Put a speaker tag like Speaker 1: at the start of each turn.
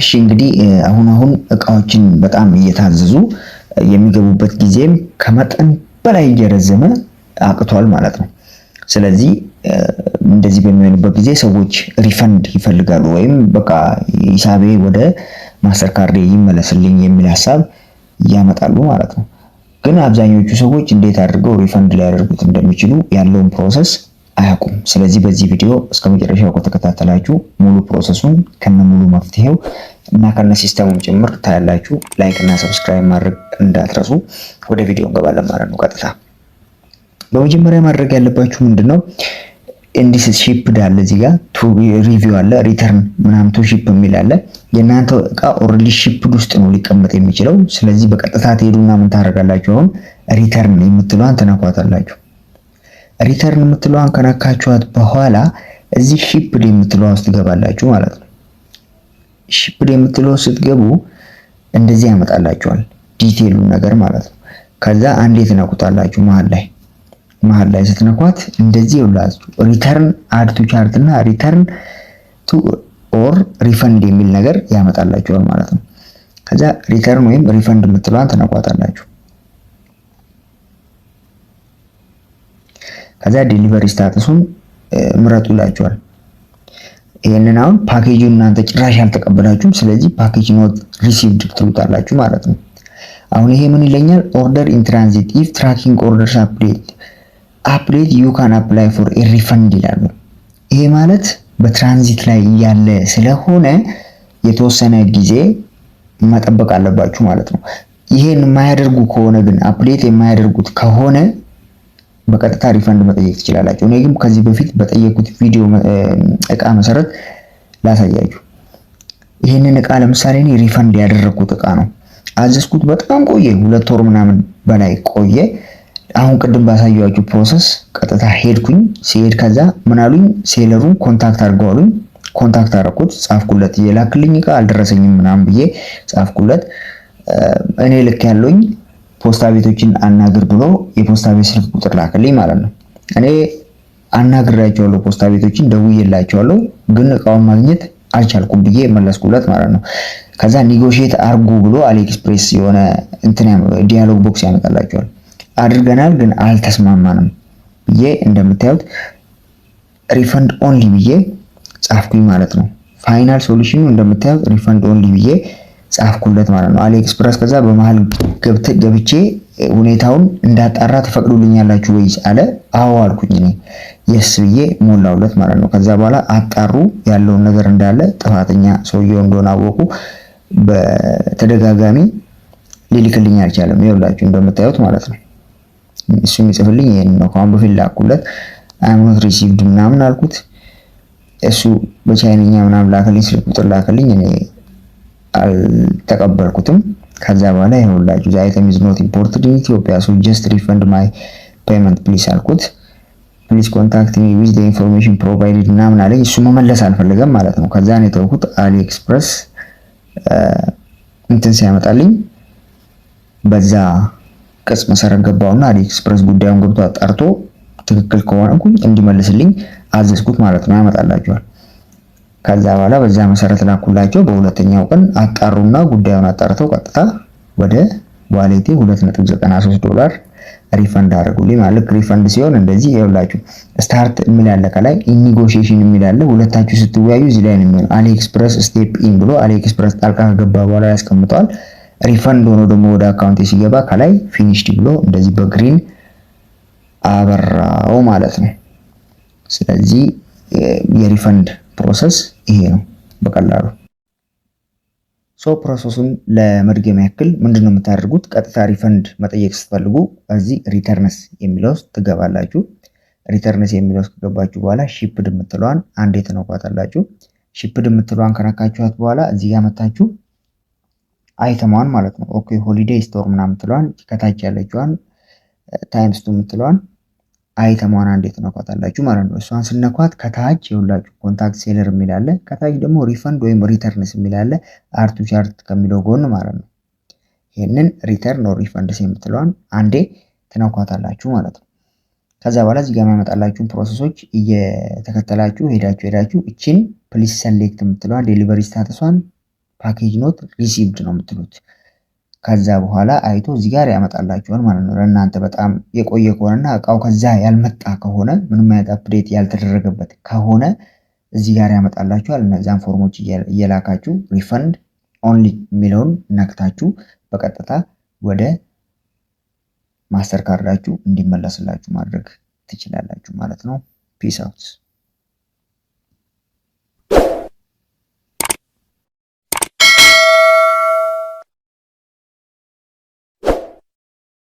Speaker 1: እሺ እንግዲህ አሁን አሁን እቃዎችን በጣም እየታዘዙ የሚገቡበት ጊዜም ከመጠን በላይ እየረዘመ አቅቷል ማለት ነው። ስለዚህ እንደዚህ በሚሆንበት ጊዜ ሰዎች ሪፈንድ ይፈልጋሉ ወይም በቃ ሂሳቤ ወደ ማስተር ካርዴ ይመለስልኝ የሚል ሀሳብ ያመጣሉ ማለት ነው። ግን አብዛኞቹ ሰዎች እንዴት አድርገው ሪፈንድ ሊያደርጉት እንደሚችሉ ያለውን ፕሮሰስ አያውቁም። ስለዚህ በዚህ ቪዲዮ እስከ መጨረሻው ከተከታተላችሁ ሙሉ ፕሮሰሱን ከነ ሙሉ መፍትሄው እና ከነ ሲስተሙም ጭምር ታያላችሁ። ላይክ እና ሰብስክራይብ ማድረግ እንዳትረሱ። ወደ ቪዲዮ እንገባለን ማለት ነው ቀጥታ። በመጀመሪያ ማድረግ ያለባችሁ ምንድን ነው ኢንዲስ ሺፕ ዳለ እዚህ ጋር ቱ ሪቪው አለ ሪተርን ምናምን ቱ ሺፕ የሚል አለ። የእናንተ እቃ ኦልሬዲ ሺፕድ ውስጥ ነው ሊቀመጥ የሚችለው። ስለዚህ በቀጥታ ትሄዱና ምን ታደርጋላችሁ? አሁን ሪተርን የምትሏን ትነኳታላችሁ ሪተርን የምትለዋን ከነካችኋት በኋላ እዚህ ሺፕድ የምትለዋን ስትገባላችሁ ትገባላችሁ ማለት ነው። ሺፕድ የምትለው ስትገቡ እንደዚህ ያመጣላችኋል ዲቴሉ ነገር ማለት ነው። ከዛ አንዴ ትነቁታላችሁ መሀል ላይ መሀል ላይ ስትነኳት እንደዚህ ይውላችሁ ሪተርን አድ ቱ ቻርት እና ሪተርን ቱ ኦር ሪፈንድ የሚል ነገር ያመጣላችኋል ማለት ነው። ከዛ ሪተርን ወይም ሪፈንድ የምትለዋን ትነኳታላችሁ። ከዛ ዲሊቨሪ ስታተሱን ምረጡ ይላችኋል። ይህንን አሁን ፓኬጁ እናንተ ጭራሽ አልተቀበላችሁም። ስለዚህ ፓኬጅ ኖት ሪሲቭድ ትሉታላችሁ ማለት ነው። አሁን ይሄ ምን ይለኛል? ኦርደር ኢን ትራንዚት ኢፍ ትራኪንግ ኦርደርስ አፕዴት አፕዴት ዩ ካን አፕላይ ፎር ኤ ሪፈንድ ይላሉ። ይሄ ማለት በትራንዚት ላይ እያለ ስለሆነ የተወሰነ ጊዜ መጠበቅ አለባችሁ ማለት ነው። ይሄን የማያደርጉ ከሆነ ግን አፕዴት የማያደርጉት ከሆነ በቀጥታ ሪፈንድ መጠየቅ ትችላላችሁ። እኔ ግን ከዚህ በፊት በጠየቁት ቪዲዮ እቃ መሰረት ላሳያችሁ። ይህንን እቃ ለምሳሌ እኔ ሪፈንድ ያደረግኩት እቃ ነው። አዘዝኩት፣ በጣም ቆየ፣ ሁለት ወር ምናምን በላይ ቆየ። አሁን ቅድም ባሳየኋችሁ ፕሮሰስ ቀጥታ ሄድኩኝ። ሲሄድ ከዛ ምናሉኝ ሴለሩን ኮንታክት አድርገው ኮንታክት አደረኩት፣ ጻፍኩለት። የላክልኝ እቃ አልደረሰኝም ምናምን ብዬ ጻፍኩለት። እኔ ልክ ያለኝ ፖስታ ቤቶችን አናግር ብሎ የፖስታ ቤት ስልክ ቁጥር ላክልኝ ማለት ነው። እኔ አናግራቸዋለሁ፣ ፖስታ ቤቶችን ደውዬላቸዋለሁ፣ ግን እቃውን ማግኘት አልቻልኩም ብዬ መለስኩለት ማለት ነው። ከዛ ኒጎሽት አርጉ ብሎ አሊኤክስፕሬስ የሆነ እንትን ዲያሎግ ቦክስ ያመጣላቸዋል። አድርገናል ግን አልተስማማንም ብዬ እንደምታዩት ሪፈንድ ኦንሊ ብዬ ጻፍኩኝ ማለት ነው። ፋይናል ሶሉሽኑ እንደምታዩት ሪፈንድ ኦንሊ ብዬ ጻፍኩለት ማለት ነው። አሊኤክስፕረስ ከዛ በመሀል ገብቼ ሁኔታውን እንዳጣራ ተፈቅዶልኛላችሁ ወይ አለ። አዎ አልኩኝ እኔ የስ ብዬ ሞላውለት ማለት ነው። ከዛ በኋላ አጣሩ ያለውን ነገር እንዳለ ጥፋተኛ ሰውየው እንደሆነ አወቁ። በተደጋጋሚ ሊልክልኝ አልቻለም። ይኸውላችሁ እንደምታዩት ማለት ነው። እሱ የሚጽፍልኝ ይህን ነው። ከአሁን በፊት ላኩለት አምኖት ሪሲቭድ ምናምን አልኩት። እሱ በቻይንኛ ምናምን ላክልኝ፣ ስልክ ቁጥር ላክልኝ እኔ አልተቀበልኩትም። ከዛ በኋላ ዛ አይተም ኢዝ ኖት ኢምፖርትድ ኢን ኢትዮጵያ ሶ ጀስት ሪፈንድ ማይ ፔመንት ፕሊስ አልኩት። ፕሊስ ኮንታክት ሚ ዊዝ ዘ ኢንፎርሜሽን ፕሮቫይድድ ምናምን አለኝ። እሱ መመለስ አልፈልገም ማለት ነው። ከዛ ነው የተውኩት። አሊ ኤክስፕረስ እንትን ሲያመጣልኝ በዛ ቅጽ መሰረት ገባውና አሊ ኤክስፕረስ ጉዳዩን ገብቶ አጣርቶ ትክክል ከሆነ እንዲመልስልኝ አዘዝኩት ማለት ነው። ያመጣላችኋል ከዛ በኋላ በዛ መሰረት ላኩላቸው። በሁለተኛው ቀን አጣሩና ጉዳዩን አጣርተው ቀጥታ ወደ ዋሌቴ 2.93 ዶላር ሪፈንድ አድርጉልኝ። ልክ ሪፈንድ ሲሆን እንደዚህ ይኸውላችሁ፣ ስታርት የሚል አለ፣ ከላይ ኒጎሽዬሽን የሚል አለ። ሁለታችሁ ስትወያዩ እዚህ ላይ ነው የሚሆነው። አሊኤክስፕረስ ስቴፕ ኢን ብሎ አሊኤክስፕረስ ጣልቃ ከገባ በኋላ ያስቀምጠዋል። ሪፈንድ ሆኖ ደግሞ ወደ አካውንት ሲገባ ከላይ ፊኒሽድ ብሎ እንደዚህ በግሪን አበራው ማለት ነው። ስለዚህ የሪፈንድ ፕሮሰስ ይሄ ነው በቀላሉ ሶ ፕሮሰሱን ለመድገም ያክል ምንድን ነው የምታደርጉት? ቀጥታ ሪፈንድ መጠየቅ ስትፈልጉ እዚህ ሪተርንስ የሚለው ውስጥ ትገባላችሁ። ሪተርንስ የሚለው ውስጥ ከገባችሁ በኋላ ሺፕድ የምትለዋን አንዴ ትነኳታላችሁ። ሺፕድ የምትለዋን ከነካችኋት በኋላ እዚህ ጋር መታችሁ አይተሟን ማለት ነው። ኦኬ ሆሊዴይ ስቶር ምናምን የምትለዋን ከታች ያለችዋን ታይምስቱ የምትለዋን አይተሟን አንዴ ትነኳታላችሁ ማለት ነው። እሷን ስነኳት ከታች የሁላችሁ ኮንታክት ሴለር የሚላለ ከታች ደግሞ ሪፈንድ ወይም ሪተርንስ የሚላለ አርቱ ቻርት ከሚለው ጎን ማለት ነው። ይህንን ሪተርን ኦር ሪፈንድስ የምትለዋን አንዴ ትነኳታላችሁ ማለት ነው። ከዛ በኋላ እዚህ የሚያመጣላችሁን ፕሮሰሶች እየተከተላችሁ ሄዳችሁ ሄዳችሁ እችን ፕሊስ ሰሌክት የምትለዋን ዴሊቨሪ ስታተሷን ፓኬጅ ኖት ሪሲቭድ ነው የምትሉት ከዛ በኋላ አይቶ እዚህ ጋር ያመጣላችኋል ማለት ነው። ለእናንተ በጣም የቆየ ከሆነና እቃው ከዛ ያልመጣ ከሆነ ምንም አይነት አፕዴት ያልተደረገበት ከሆነ እዚህ ጋር ያመጣላችኋል። እነዚያን ፎርሞች እየላካችሁ ሪፈንድ ኦንሊ የሚለውን ነክታችሁ በቀጥታ ወደ ማስተር ካርዳችሁ እንዲመለስላችሁ ማድረግ ትችላላችሁ ማለት ነው። ፒስ አውት